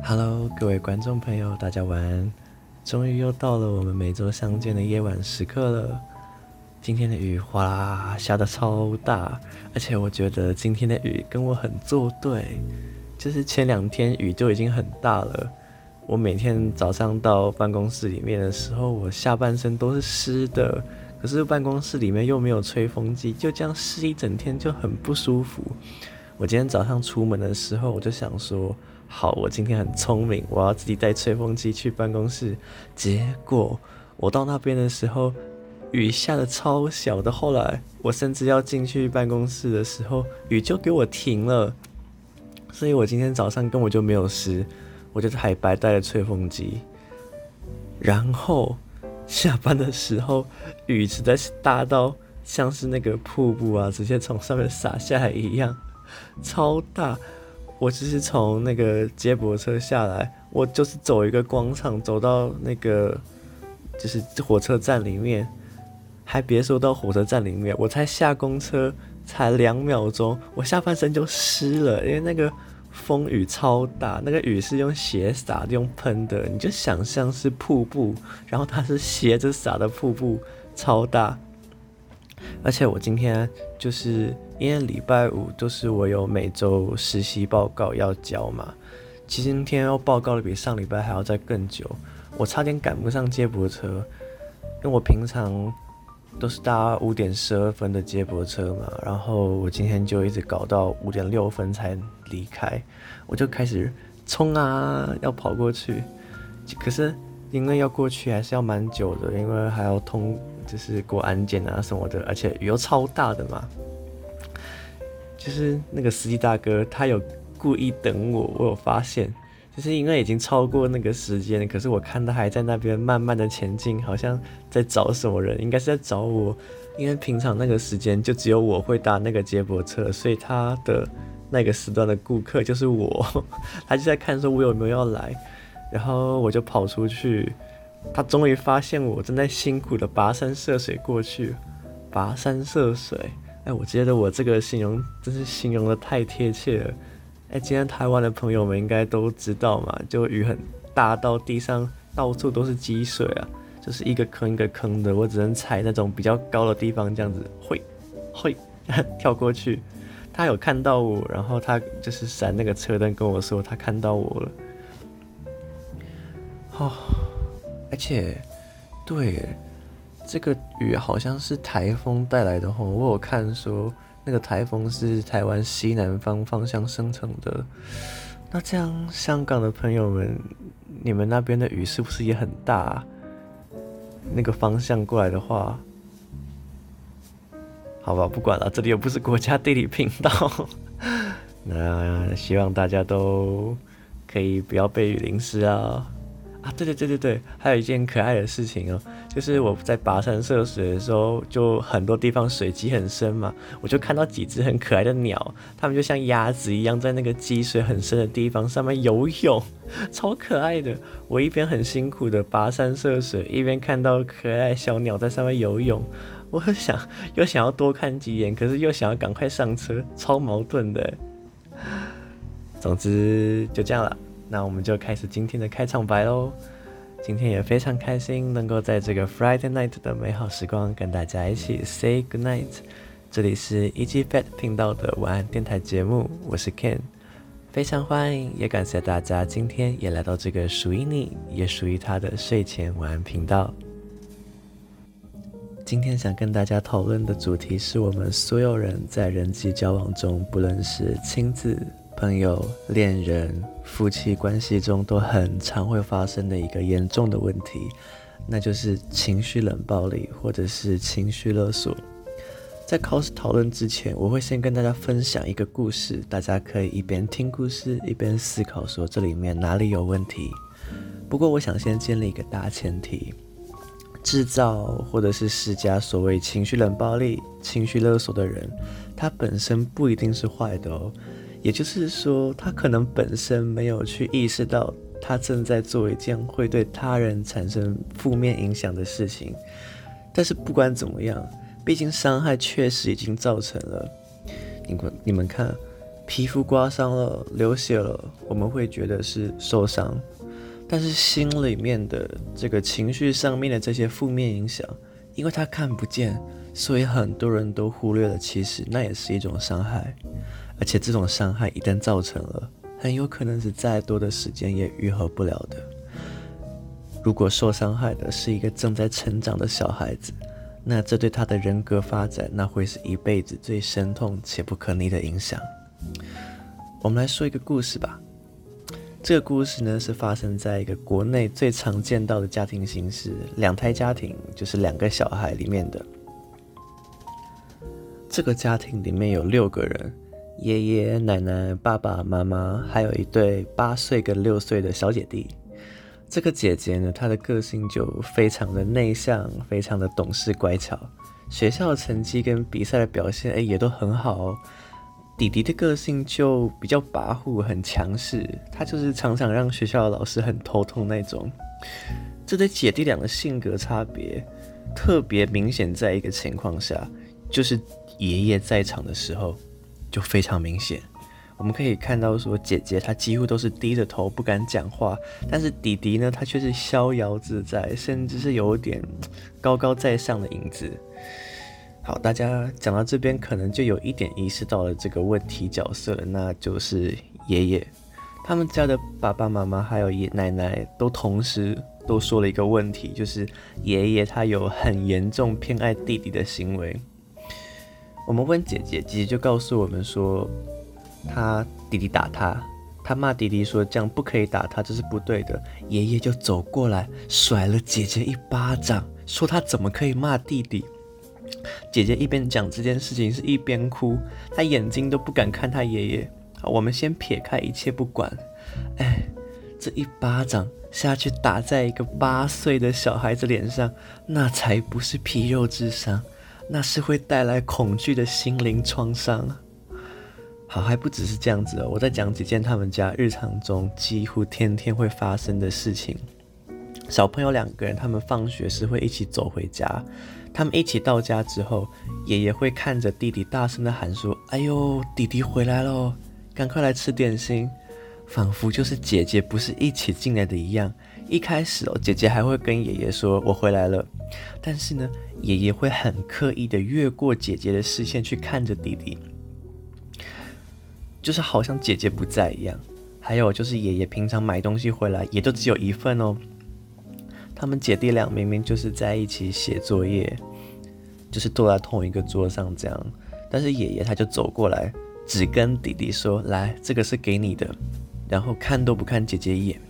Hello，各位觀眾朋友，大家晚安。終於又到了我們每周相見的夜晚時刻了。今天的雨嘩啦啦下得超大，而且我覺得今天的雨跟我很作對。就是前兩天雨就已經很大了，我每天早上到辦公室裡面的時候，我下半身都是濕的。可是辦公室裡面又沒有吹風機，就這樣濕一整天就很不舒服。我今天早上出門的時候，我就想說。好，我今天很聰明，我要自己帶吹風機去辦公室。結果我到那邊的時候，雨下得超小的。後來我甚至要進去辦公室的時候，雨就給我停了。所以我今天早上根本就沒有濕，我就是還白帶了吹風機。然後下班的時候，雨實在是大到像是那個瀑布啊，直接從上面灑下來一樣，超大。我就是從那個接駁車下來，我就是走一個廣場，走到那個就是火車站裡面，還別說到火車站裡面，我才下公車才兩秒鐘，我下半身就濕了，因為那個風雨超大，那個雨是用斜灑，用噴的，你就想象是瀑布，然後它是斜着灑的瀑布，超大。而且我今天就是因為禮拜五都是我有每周實習報告要交嘛，其實今天要報告的比上禮拜還要再更久，我差點趕不上接駁車，因為我平常都是搭五點十二分的接駁車嘛，然後我今天就一直搞到五點六分才離開，我就開始衝啊，要跑過去，可是。因為要過去還是要蠻久的，因為還要通，就是過安檢啊什麼的，而且雨又超大的嘛。就是那個司機大哥，他有故意等我，我有發現，就是因為已經超過那個時間，可是我看他還在那邊慢慢的前進，好像在找什麼人，應該是在找我，因為平常那個時間就只有我會搭那個接駁車，所以他的那個時段的顧客就是我，呵呵，他就在看說我有沒有要來。然後我就跑出去，他終於發現我正在辛苦的跋山涉水過去，跋山涉水。哎，我覺得我這個形容真是形容得太貼切了。哎，今天台灣的朋友們應該都知道嘛，就雨很大，到地上到處都是積水啊，就是一個坑一個坑的，我只能踩那種比較高的地方，這樣子嘿，嘿跳過去。他有看到我，然後他就是閃那個車燈跟我說，他看到我了。哦，而且，對，這個雨好像是台風帶來的哦。我有看說，那個台風是台灣西南方方向生成的。那這樣，香港的朋友們，你們那邊的雨是不是也很大？那個方向過來的話，好吧，不管了啊，這裡又不是國家地理頻道。 那希望大家都可以不要被雨淋濕啊。啊，對對對對對，還有一件可愛的事情哦，就是我在跋山涉水的時候，就很多地方水積很深嘛，我就看到幾隻很可愛的鳥，它們就像鴨子一樣在那個積水很深的地方上面游泳，超可愛的。我一邊很辛苦的跋山涉水，一邊看到可愛小鳥在上面游泳，我很想又想要多看幾眼，可是又想要趕快上車，超矛盾的。總之就這樣了。那我們就開始今天的開場白嘍。今天也非常開心，能夠在這個 Friday night 的美好時光跟大家一起 say good night。這裡是 EGFat 頻道的晚安電台節目，我是 Ken，非常歡迎，也感謝大家今天也來到這個屬於你也屬於他的睡前晚安頻道。今天想跟大家討論的主題是我們所有人在人際交往中，不論是親子、朋友、戀人、夫妻關係中都很常會發生的一個嚴重的問題，那就是情緒冷暴力或者是情緒勒索。在開始討論之前，我會先跟大家分享一個故事，大家可以一邊聽故事一邊思考，說這裡面哪裡有問題。不過，我想先建立一個大前提，製造或者是施加所謂情緒冷暴力、情緒勒索的人，他本身不一定是壞的哦。也就是說，他可能本身沒有去意識到，他正在做一件會對他人產生負面影響的事情。但是不管怎麼樣，畢竟傷害確實已經造成了。你們你們看，皮膚刮傷了，流血了，我們會覺得是受傷。但是心裡面的這個情緒上面的這些負面影響，因為他看不見，所以很多人都忽略了。其實那也是一種傷害。而且這種傷害一旦造成了，很有可能是再多的時間也愈合不了的。如果受傷害的是一個正在成長的小孩子，那這對他的人格發展，那會是一輩子最深痛且不可逆的影響。我們來說一個故事吧。這個故事呢，是發生在一個國內最常見到的家庭形式——兩胎家庭，就是兩個小孩裡面的。這個家庭裡面有六個人。爺爺、奶奶、爸爸媽媽，還有一對八歲跟六歲的小姐弟。這個姐姐呢，她的個性就非常的內向，非常的懂事乖巧，學校的成績跟比賽的表現哎、欸，也都很好哦。弟弟的個性就比較跋扈，很強勢，他就是常常讓學校的老師很頭痛那種。這對姐弟倆的性格差別特別明顯，在一個情況下，就是爺爺在場的時候。就非常明顯，我們可以看到說，姐姐她幾乎都是低着頭不敢講話，但是弟弟呢，他卻是逍遙自在，甚至是有點高高在上的影子。好，大家講到這邊，可能就有一點意識到了這個問題角色了，那就是爺爺。他們家的爸爸媽媽還有爺爺奶奶都同時都說了一個問題，就是爺爺他有很嚴重偏愛弟弟的行為。我們問姐姐，姐姐就告訴我們說，她弟弟打她，她罵弟弟說這樣不可以打他，這是不對的。爺爺就走過來甩了姐姐一巴掌，說他怎麼可以罵弟弟？姐姐一邊講這件事情，是一邊哭，她眼睛都不敢看他爺爺。我們先撇開一切不管，哎，這一巴掌下去打在一個八歲的小孩子臉上，那才不是皮肉之傷。那是會帶來恐懼的心靈創傷。好，還不只是這樣子哦，我再講幾件他們家日常中幾乎天天會發生的事情。小朋友兩個人，他們放學時會一起走回家。他們一起到家之後，爺爺會看着弟弟，大聲的喊說：“哎呦，弟弟回來嘍，趕快來吃點心。”仿佛就是姐姐不是一起進來的一樣。一開始哦，姐姐還會跟爺爺說“我回來了”，但是呢，爺爺會很刻意地越過姐姐的視線去看着弟弟，就是好像姐姐不在一樣。還有就是爺爺平常買東西回來也都只有一份哦。他們姐弟倆明明就是在一起寫作業，就是坐在同一個桌上這樣，但是爺爺他就走過來，只跟弟弟說“來，這個是給你的”，然後看都不看姐姐一眼。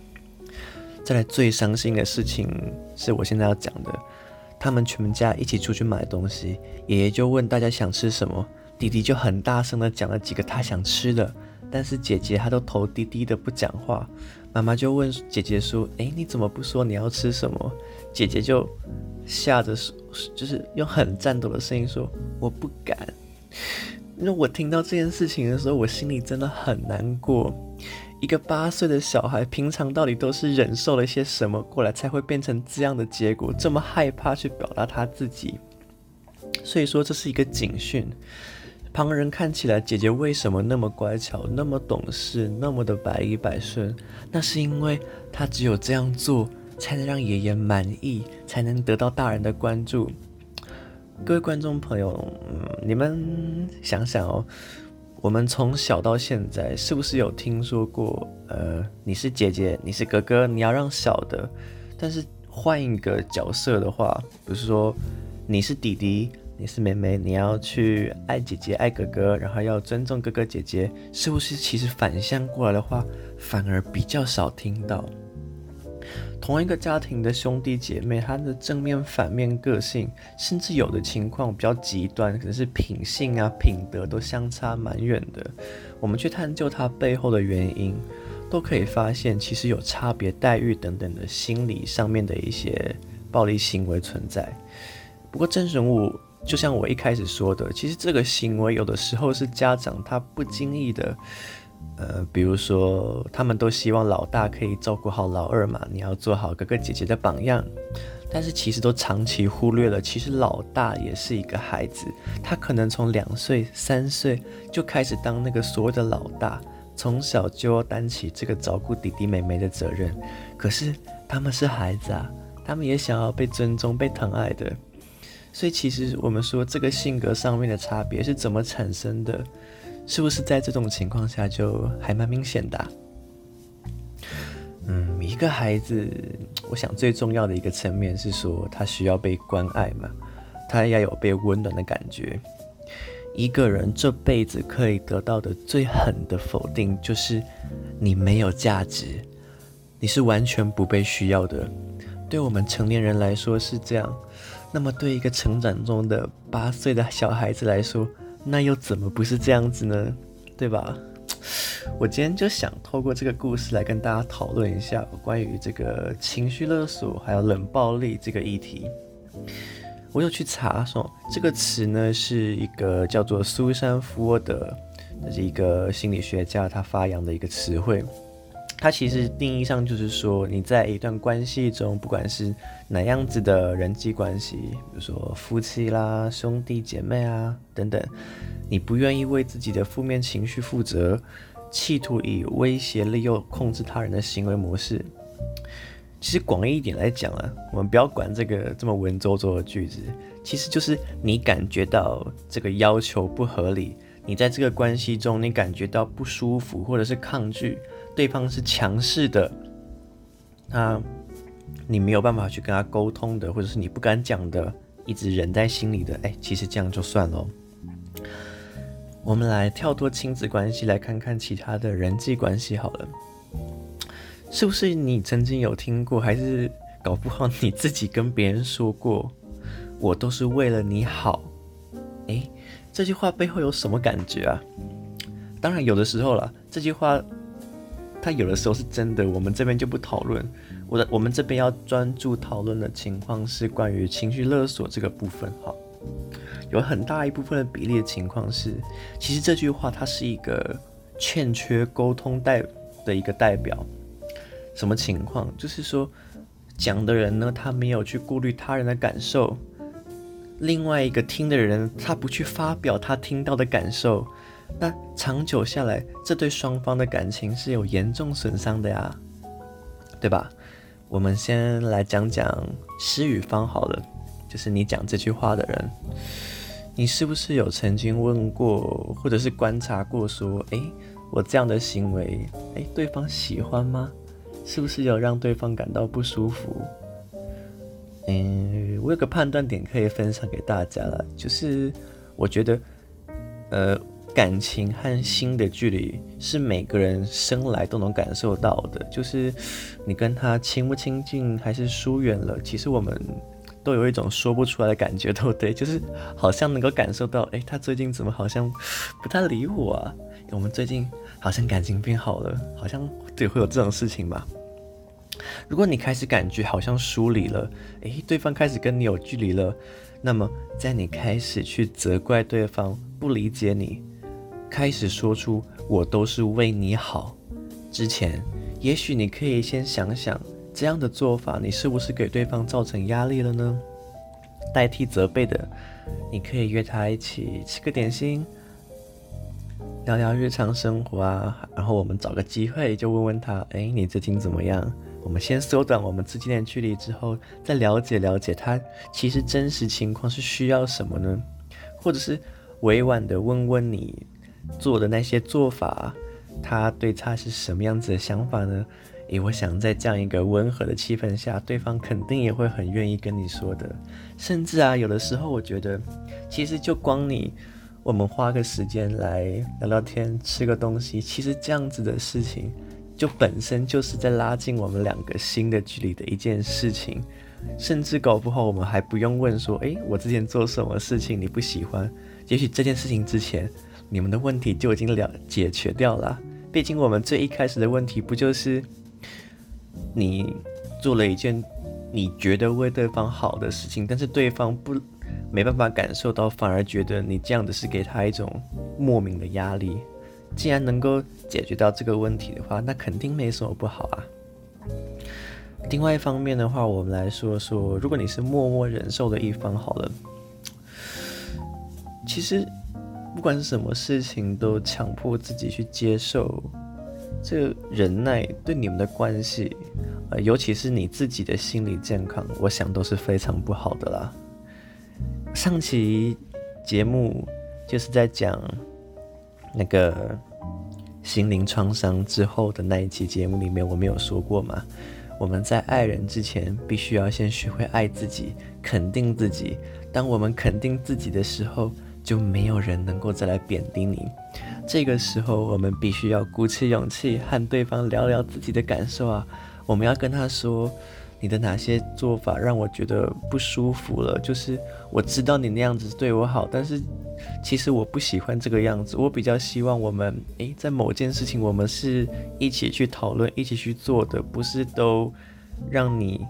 再來最傷心的事情是我現在要講的，他們全家一起出去買東西，爺爺就問大家想吃什麼，弟弟就很大聲地講了幾個他想吃的，但是姐姐她都頭低低的不講話，媽媽就問姐姐說：“哎，你怎麼不說你要吃什麼？”姐姐就嚇着手，就是用很顫抖的聲音說：“我不敢。”那我聽到這件事情的時候，我心裡真的很難過。一個八歲的小孩，平常到底都是忍受了些什麼過來，才會變成這樣的結果？這麼害怕去表達他自己，所以說這是一個警訊。旁人看起來，姐姐為什麼那麼乖巧，那麼懂事，那麼的百依百順？那是因為她只有這樣做，才能讓爺爺滿意，才能得到大人的關注。各位觀眾朋友，嗯，你們想想哦。我們從小到現在，是不是有聽說過？呃，你是姐姐，你是哥哥，你要讓小的；但是換一個角色的話，比如說你是弟弟，你是妹妹，你要去愛姐姐、愛哥哥，然後要尊重哥哥姐姐，是不是？其實反向過來的話，反而比較少聽到。同一個家庭的兄弟姐妹，他的正面、反面個性，甚至有的情況比較極端，可能是品性啊、品德都相差蠻遠的。我們去探究他背後的原因，都可以發現，其實有差別待遇等等的心理上面的一些暴力行為存在。不過，真人物就像我一開始說的，其實這個行為有的時候是家長他不經意的。呃，比如說，他們都希望老大可以照顧好老二嘛，你要做好哥哥姐姐的榜樣。但是其實都長期忽略了，其實老大也是一個孩子，他可能從兩歲、三歲就開始當那個所謂的老大，從小就要擔起這個照顧弟弟妹妹的責任。可是他們是孩子啊，他們也想要被尊重、被疼愛的。所以其實我們說這個性格上面的差別是怎麼產生的？是不是在這種情況下就還蠻明顯的啊？嗯，一個孩子，我想最重要的一個層面是說，他需要被關愛嘛，他要有被溫暖的感覺。一個人這輩子可以得到的最狠的否定就是，你沒有價值，你是完全不被需要的。對我們成年人來說是這樣，那麼對一個成長中的八歲的小孩子來說。那又怎麼不是這樣子呢？對吧？我今天就想透過這個故事來跟大家討論一下關於這個情緒勒索還有冷暴力這個議題。我有去查說這個詞呢，是一個叫做蘇珊福沃德，就是一個心理學家他發揚的一個詞彙。它其實定義上就是說，你在一段關係中，不管是哪樣子的人際關係，比如說夫妻啦、兄弟姐妹啊等等，你不願意為自己的負面情緒負責，企圖以威脅、利誘、控制他人的行為模式。其實廣義一點來講啊，我們不要管這個這麼文縐縐的句子，其實就是你感覺到這個要求不合理，你在這個關係中你感覺到不舒服或者是抗拒，對方是強勢的，他你沒有辦法去跟他溝通的，或者是你不敢講的，一直忍在心裡的。誒，其實這樣就算了。我們來跳脫親子關係，來看看其他的人際關係好了。是不是你曾經有聽過，還是搞不好你自己跟別人說過？我都是為了你好。誒，這句話背後有什麼感覺啊？當然有的時候了，這句話。他有的時候是真的，我們這邊就不討論。我的，我們這邊要專注討論的情況是關於情緒勒索這個部分。哈，有很大一部分的比例的情況是，其實這句話它是一個欠缺溝通代的一個代表。什麼情況？就是說，講的人呢，他沒有去顧慮他人的感受；另外一個聽的人，他不去發表他聽到的感受。那長久下來，這對雙方的感情是有嚴重損傷的呀，對吧？我們先來講講施與方好了，就是你講這句話的人，你是不是有曾經問過，或者是觀察過，說，哎，我這樣的行為，哎，對方喜歡嗎？是不是有讓對方感到不舒服？嗯，我有個判斷點可以分享給大家了，就是我覺得，呃。感情和心的距離是每個人生來都能感受到的，就是你跟他親不親近，還是疏遠了。其實我們都有一種說不出來的感覺，對不對？就是好像能夠感受到，欸，他最近怎麼好像不太理我啊？我們最近好像感情變好了，好像對會有這種事情吧？如果你開始感覺好像疏離了，欸，對方開始跟你有距離了，那麼在你開始去責怪對方不理解你，開始說出“我都是為你好”之前，也許你可以先想想，這樣的做法你是不是給對方造成壓力了呢？代替責備的，你可以約他一起吃個點心，聊聊日常生活啊。然後我們找個機會就問問他：“誒，你最近怎麼樣？”我們先縮短我們之間的距離，之後再了解了解他其實真實情況是需要什麼呢？或者是委婉地問問你。做的那些做法，他對他是什麼樣子的想法呢？誒，我想在這樣一個溫和的氣氛下，對方肯定也會很願意跟你說的。甚至啊，有的時候我覺得，其實就光你，我們花個時間來聊聊天，吃個東西，其實這樣子的事情，就本身就是在拉近我們兩個心的距離的一件事情。甚至搞不好我們還不用問說，哎，我之前做什麼事情你不喜歡？也許這件事情之前。你們的問題就已經了解決掉了。畢竟我們最一開始的問題不就是你做了一件你覺得為對方好的事情，但是對方不沒辦法感受到，反而覺得你這樣子是給他一種莫名的壓力。既然能夠解決掉這個問題的話，那肯定沒什麼不好啊。另外一方面的話，我們來說說，如果你是默默忍受的一方，好了，其實。不管是什麼事情，都強迫自己去接受，這個忍耐對你們的關係，呃，尤其是你自己的心理健康，我想都是非常不好的啦。上期節目就是在講那個心靈創傷之後的那一期節目裡面，我沒有說過嘛？我們在愛人之前，必須要先學會愛自己，肯定自己。當我們肯定自己的時候，就沒有人能夠再來貶低你。這個時候，我們必須要鼓起勇氣和對方聊聊自己的感受啊！我們要跟他說，你的哪些做法讓我覺得不舒服了？就是我知道你那樣子對我好，但是其實我不喜歡這個樣子。我比較希望我們誒，在某件事情我們是一起去討論、一起去做的，不是都讓你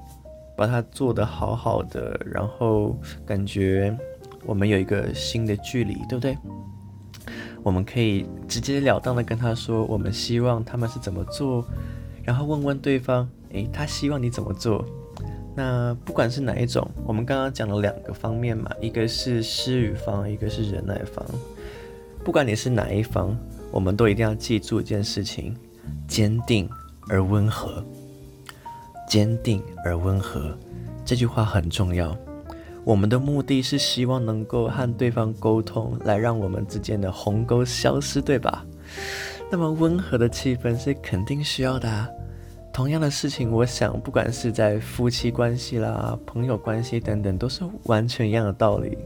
把它做得好好的，然後感覺。我們有一個新的距離，對不對？我們可以直截了當的跟他說，我們希望他們是怎麼做，然後問問對方，誒，他希望你怎麼做？那不管是哪一種，我們剛剛講了兩個方面嘛，一個是施與方，一個是忍耐方。不管你是哪一方，我們都一定要記住一件事情：堅定而溫和，堅定而溫和。這句話很重要。我們的目的是希望能夠和對方溝通，來讓我們之間的鴻溝消失，對吧？那麼溫和的氣氛，是肯定需要的啊。同樣的事情，我想不管是在夫妻關係啦、朋友關係等等，都是完全一樣的道理。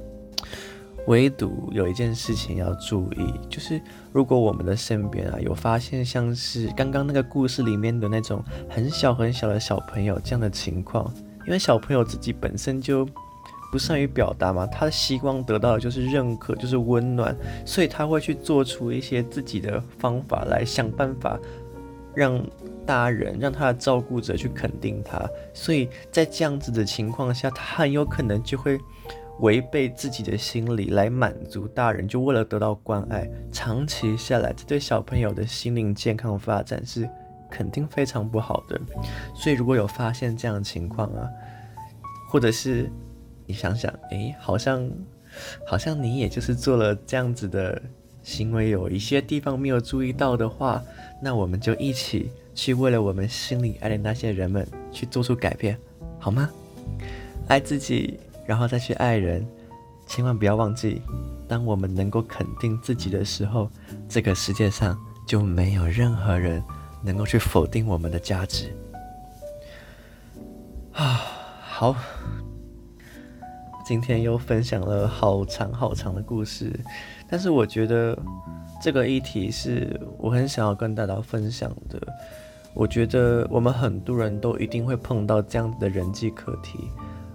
唯獨有一件事情要注意，就是如果我們的身邊啊有發現像是剛剛那個故事裡面的那種很小很小的小朋友這樣的情況，因為小朋友自己本身就。不善於表達嘛，他的希望得到的就是認可，就是溫暖，所以他會去做出一些自己的方法來想辦法讓大人讓他的照顧者去肯定他。所以在這樣子的情況下，他很有可能就會違背自己的心理來滿足大人，就為了得到關愛。長期下來，這對小朋友的心靈健康發展是肯定非常不好的。所以如果有發現這樣的情況啊，或者是。你想想，哎，好像，好像你也就是做了這樣子的行為，有一些地方沒有注意到的話，那我們就一起去為了我們心裡愛的那些人們去做出改變，好嗎？愛自己，然後再去愛人，千萬不要忘記，當我們能夠肯定自己的時候，這個世界上就沒有任何人能夠去否定我們的價值。啊，好。今天又分享了好長好長的故事，但是我覺得這個議題是我很想要跟大家分享的。我覺得我們很多人都一定會碰到這樣子的人際課題，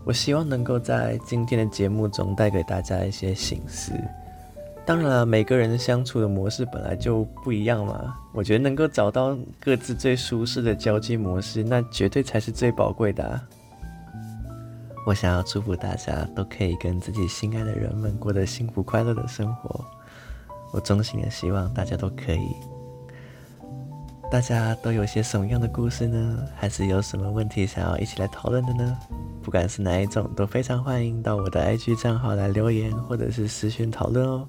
我希望能夠在今天的節目中帶給大家一些省思。當然了，每個人的相處的模式本來就不一樣嘛，我覺得能夠找到各自最舒適的交際模式，那絕對才是最寶貴的啊。我想要祝福大家都可以跟自己心愛的人們過得幸福快樂的生活。我衷心的希望大家都可以。大家都有些什麼樣的故事呢？還是有什麼問題想要一起來討論的呢？不管是哪一種，都非常歡迎到我的 IG 賬號來留言或者是私訊討論哦。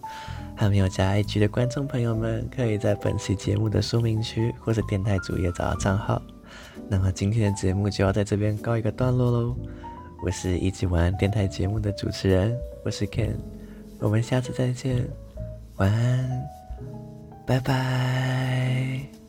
還沒有加 IG 的觀眾朋友們，可以在本期節目的說明區或者電台主頁找到賬號。那麼今天的節目就要在這邊告一個段落嘍。我是一起玩電台節目的主持人，我是 Ken，我們下次再見，晚安，拜拜。